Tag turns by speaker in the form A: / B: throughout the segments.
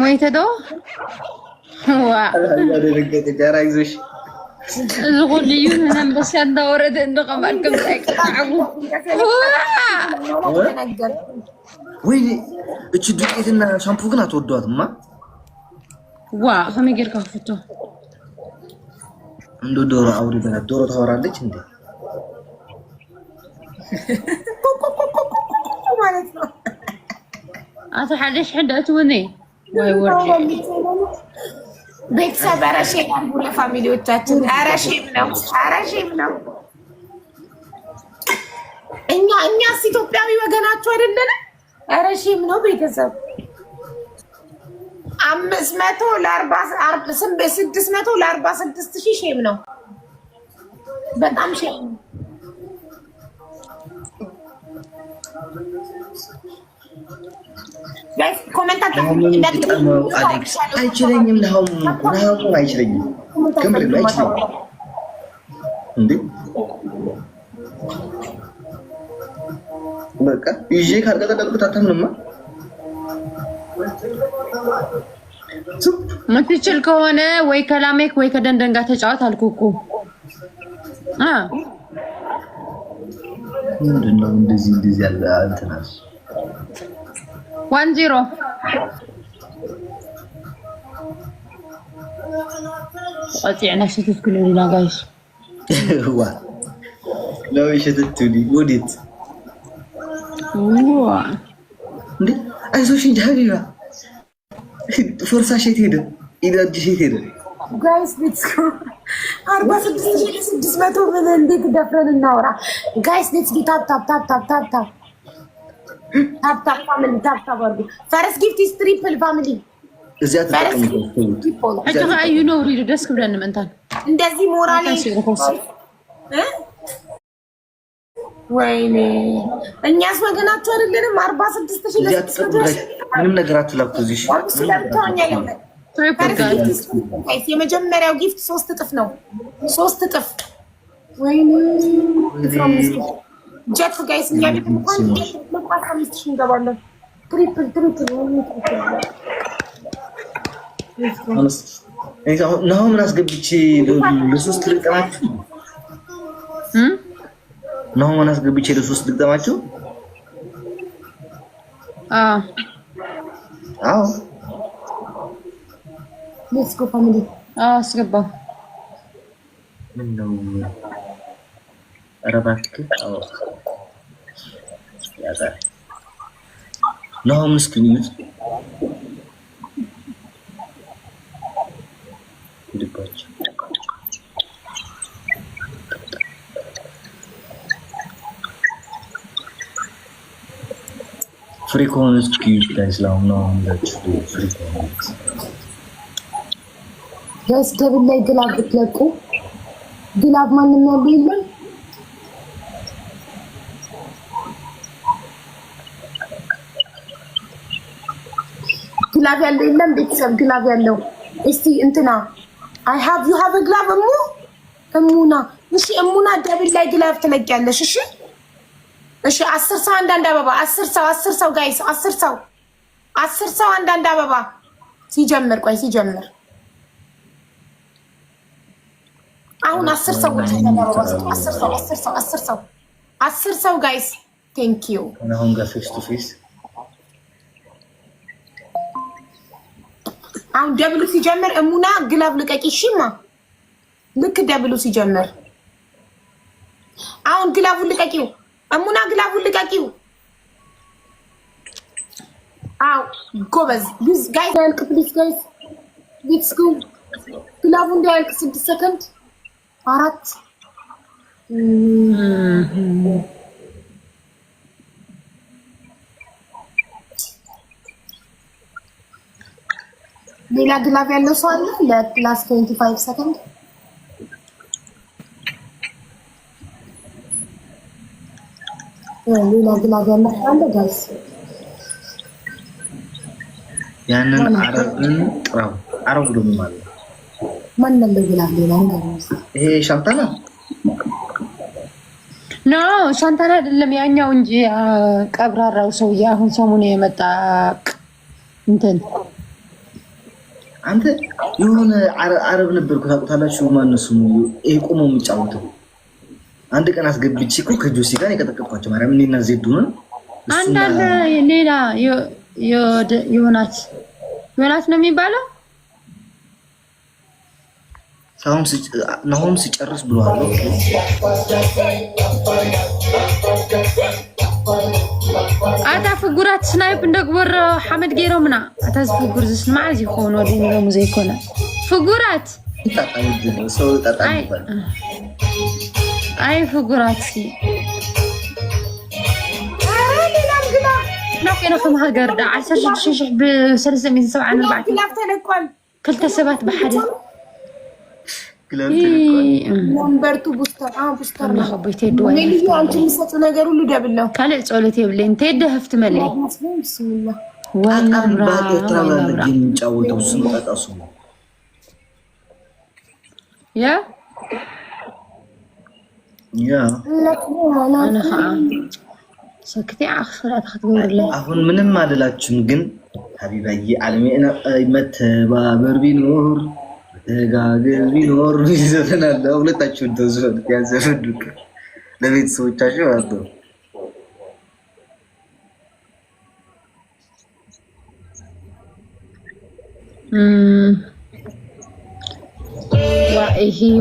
A: ሞይተዶ እዚ ኩሉ እዩ ንኣንበሳ እናወረደ እንኸማልኩም ሳይቅጣዕቡ
B: ወይ እቺ ዱቄትና ሻምፑ ግን ኣትወደዋት እማ
A: ዋ ከመይ ጌርካ ክፍቶ
B: እንዶ ዶሮ ኣውሪደናት ዶሮ ታወራለች እንዴ ማለት ነው
A: አስራሓደሽ ሕዳት እውን ቤተሰብ ኧረ ሼም አድርጉ ለፋሚሊዎቻችን። ኧረ ሼም ነው፣ ኧረ ሼም ነው። እኛ እኛስ ኢትዮጵያዊ ወገናችሁ አይደለንም። ኧረ ሼም ነው ቤተሰብ አምስት መቶ ስድስት መቶ ለአርባ ስድስት ሺህ ሼም ነው። በጣም ሼም ነው። አይችለኝም። ለሀሙ አይችለኝም። ከምር አይችለኝም እንዴ! በቃ ይዤ አታምንማ። ምትችል ከሆነ ወይ ከላሜክ ወይ ከደንደን ተጫወት አልኩህ እኮ ምንድን ነው እንደዚህ እንደዚህ ያለ እንትን ዋን ዜሮ ቀፂዕና ሸተት ክንብልና ጋይስ ዋ ናዊ ሸተት ትብሊ ወዴት እንዴ አይዞሽ እንጂ ሀቢባ ፎርሳ ሸት ሄደ ኢዳጅ ሸት ሄደ ጋይስ ሌትስ አርባ ስድስት ሺህ ስድስት መቶ ምን እንዴት ደፍረን እናውራ ጋይስ ሌትስ ታፕ ታፕ ታፕ ታፕ ታፕ ታፕታፕ ፋሚሊ ታፕታፕ አድርጉ። ፈረስ ጊፍት ኢዝ ትሪፕል ፋሚሊ እዚያ ተጠቀሙ ነው ሪዱ ደስ ብለን እንመንታል። እንደዚህ ሞራሌ ወይኔ እኛስ ወገናችሁ አይደለንም። አርባ ስድስት ሺህ ምንም ነገር አትላኩ። የመጀመሪያው ጊፍት ሶስት እጥፍ ነው። ሶስት እጥፍ ወይኔ ጀት ጋይስ እኛ ቤት እንኳን መቋት አምስት ሺህ እንገባለን። ትሪፕል ትሪፕል ነው ምን አስገብቼ ለሶስት ልቅጠማችሁ ነው ምን አስገብቼ ለሶስት ልቅጠማችሁ። አዎ ሌትስ ጎ ፋሚሊ አስገባ ምን ነው እባክህ जाता है ना हम इसकी use Frequency keys guys long now let's do frequency. Just tabii ne dilak dikleti? Dilak manımla bilmem. ግላቭ ያለው የለም ቤተሰብ ግላቭ ያለው እስቲ እንትና አይ ሃቭ ዩ ሃቭ ግላቭ እሙ እሙና እሺ እሙና ደብል ላይ ግላቭ ትለቂያለሽ እሺ እሺ አስር ሰው አንዳንድ አበባ አስር ሰው አስር ሰው ጋይስ አስር ሰው አስር ሰው አንዳንድ አበባ ሲጀምር ቆይ ሲጀምር አሁን አስር ሰው አስር ሰው አስር ሰው አስር ሰው ጋይስ ቴንክ ዩ አሁን ጋር ፌስ ቱ ፌስ አሁን ደብሉ ሲጀምር እሙና ግላብ ልቀቂ ሽማ ልክ ደብሉ ሲጀምር አሁን ግላቡን ልቀቂው እሙና ግላቡን ልቀቂው። አው ጎበዝ ዲስ ጋይ ዳልክ ፕሊዝ ጋይስ ዲትስ ጉ ግላቡ እንዳያልቅ ስድስት ሰከንድ አራት ሌላ ግላብ ያለው ሰው አለ ለፕላስ 25 ሰከንድ ሌላ ግላፍ ያለው አለ ጋይስ ያንን አረብን ጥራው አረብ ማን ነው ሌላ ይሄ ኖ አይደለም ያኛው እንጂ ቀብራራው ሰውዬ አሁን ሰሞኑን የመጣ እንትን አንተ የሆነ አረብ ነበርኩ ታውቁታላችሁ። ማነው ስሙ? ይሄ ቆሞ የሚጫወተው አንድ ቀን አስገብቼ እኮ ከጆሲ ጋር የቀጠቀጥኳቸው ማርያም፣ እኔና ዜዱ ነን። አንዳንድ ሌላ ዮናስ ዮናስ ነው የሚባለው ናሆም ሲጨርስ ብሏል። ኣታ ፍጉራት ስናይፕ እንደግበር ሓመድ ገይሮምና ኣታ ዝፍጉር ዝስማዓዝ ይኮኑ ወዲኖሙ ዘይኮነ ፍጉራት ኣይ ፍጉራት ናኮይነኹም ሃገር ዳ 16674 ክልተ ሰባት ብሓደ ወንበርቱ ነገር ሁሉ ደብል ካለ ጸሎት የብለኝ ተሄደ ህፍት መለኝ አሁን ምንም አልላችሁም፣ ግን ሀቢባዬ አለሜ መተባበር ቢኖር ደጋግም ቢኖር ይዘፈናል። ሁለታችሁን ተዝፈን ያዘፈን ለቤተሰቦቻቸው ማለት ነው።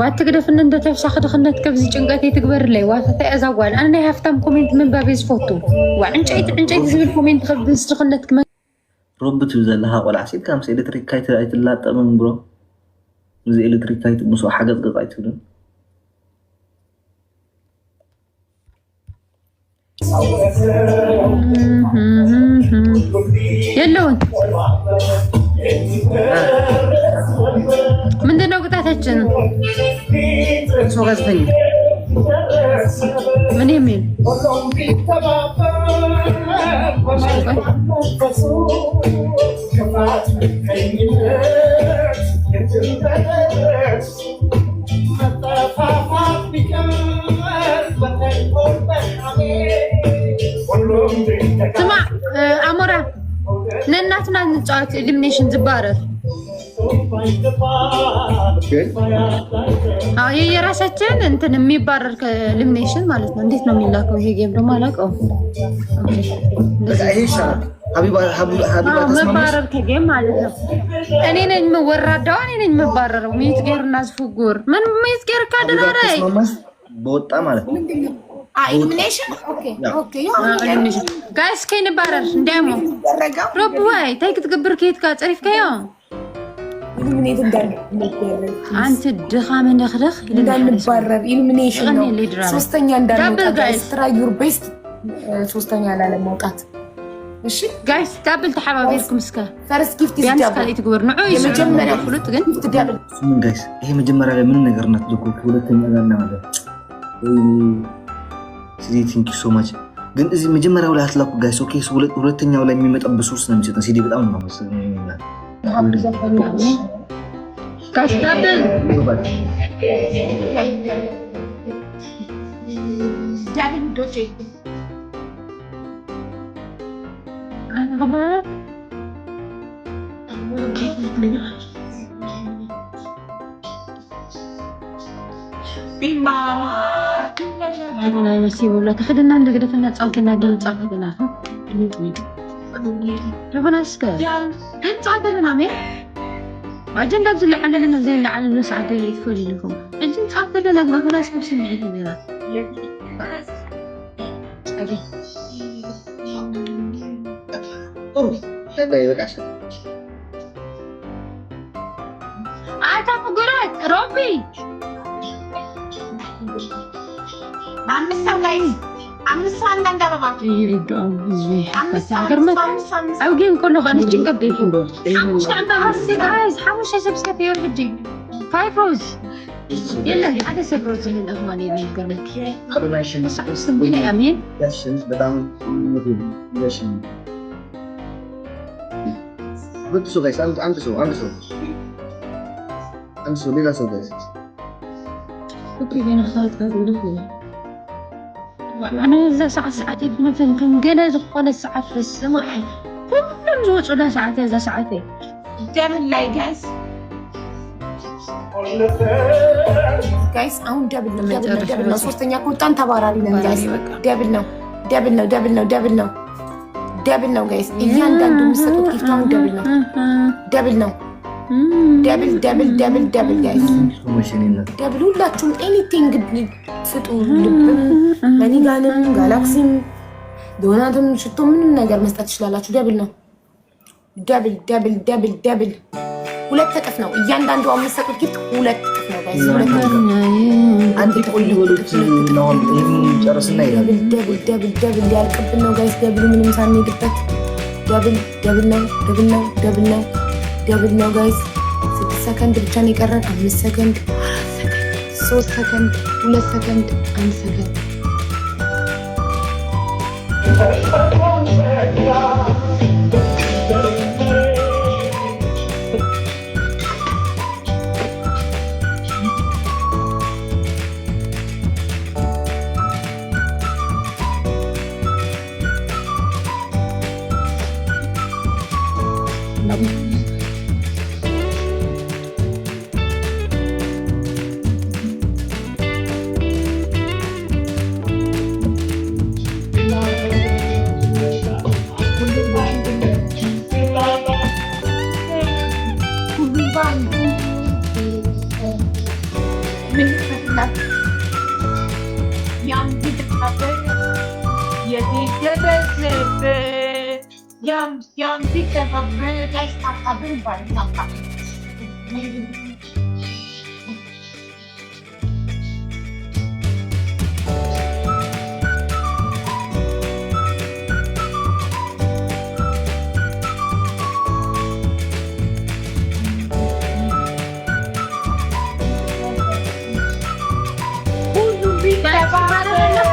A: ዋ ትግደፍኒ እንደ ተብሳ ክድክነት ከብዚ ጭንቀት ይትግበርለይ ዋ ተታይ እዛ ጓል ናይ ሃፍታም ኮሜንት ምንባብ እየ ዝፈቱ ዋ ዕንጨይቲ ዝብል ኮሜንት ከብዚ ስድክነት ክመ ሮብት ዘለካ ቆልዓ ሲል ካምስ ኤሌክትሪክ ካይትላጠምም ብሮ زي الكتريك هاي تمسوا حاجة تقطع يلون من دون وقت تحتاجن شو غزبني من يمين من ስማ አሞራ ነናቱን አንጫወት። ኢሊሚኔሽን ዝባረር አይ የራሳችን እንትን የሚባረር ኢሊሚኔሽን ማለት ነው። እንዴት ነው የሚላከው? ይሄ ጌም ደግሞ አላውቀውም። መባረር ከጌም ማለት ነው። እኔ ነኝ ወራዳዋ፣ እኔ ነኝ መባረረው። ሜትጌር እና ዝፍጉር ምን ሜትጌር ካደራረ በወጣ ማለት ነው ጋይስ ከይንባረር እንዳሞ ሮብዋይ ታይ ክትገብር ከየት ጋ ፀሪፍካዮ አንተ ድኻ መነኽደኽ እንዳንባረር ኢሉሚኔሽን ነው። ሶስተኛ እንዳንወጣት ሶስተኛ ላለመውጣት እሺ ጋይስ ዳብል ተሓባቢርኩም እስከ ፈርስት ጊፍት ቢያንስ ትግብር ንዑ የመጀመሪያ ፍሉጥ ግን ጋይስ ይሄ መጀመሪያ ላይ ምን ነገር እናትልኩ ሁለተኛ ጋር እናለ ሲዲ ቲንክ ሶ ማች። ግን እዚህ መጀመሪያው ላይ አትላኩ ጋይስ ኦኬ። ሶ ሁለተኛው ላይ የሚመጣው ውስጥ ነው የሚሰጠን ሲዲ በጣም ነው ቢማ ሓይልና ይመስ ይብሎ ተክድና እንደግደፍና ፃውትና ደንፃፍ ግናኸ ይኹናስከ ደንፃ ዘለና ሜ ኣጀንዳ ዝለዓል ዘለና ዘይለዓል ንስዓተ ይትፈል ኢልኩም እጅ ንፃፍ ዘለና ግና ኩናስ ስምዒት ና ኣታ ፍጉራት ሮቢ አምስት ሰው ላይ አምስት ሰው አንዳንድ አበባ ሰው ኣነ እዛ ሰዓት ሰዓት እየ ብመፈንከን ገለ ዝኾነ ሰዓት ፍስማሕ ኩሎም ዝወፁላ ሰዓት እዛ ሰዓት እየ ጋዝ ጋይስ አሁን ደብል ነው ደብል ነው ሶስተኛ ከወጣን ተባራሪነን ጋይስ ደብል ነው ደብል ነው ደብል ነው ደብል ነው ደብል ነው ጋይስ እያንዳንዱ የምትሰጡት ጊፍት አሁን ደብል ነው ደብል ነው ደብል ደብል ደብል ደብል ደብል ሁላችሁም ኤኒቲንግ ስጡ። ልብም መኒጋንም ጋላክሲም ዶናትም ሽቶ ምንም ነገር መስጠት ትችላላችሁ። ደብል ነው። ደብል ደብል ደብል ደብል ሁለት እጥፍ ነው። እያንዳንዱ የምትሰጡት ጊፍት ሁለት እጥፍ ነው። ደብል ደብል ምንም ሳንሄድበት ደብል ደብል ነው። ደብል ነው። ደብል ደብል ደብል ነው ጋይስ። ስድስት ሰከንድ ብቻ ነው የቀረን። አምስት ሰከንድ፣ ሶስት ሰከንድ፣ ሁለት ሰከንድ፣ አንድ ሰከንድ Ang victim of British Kakabimban Bye.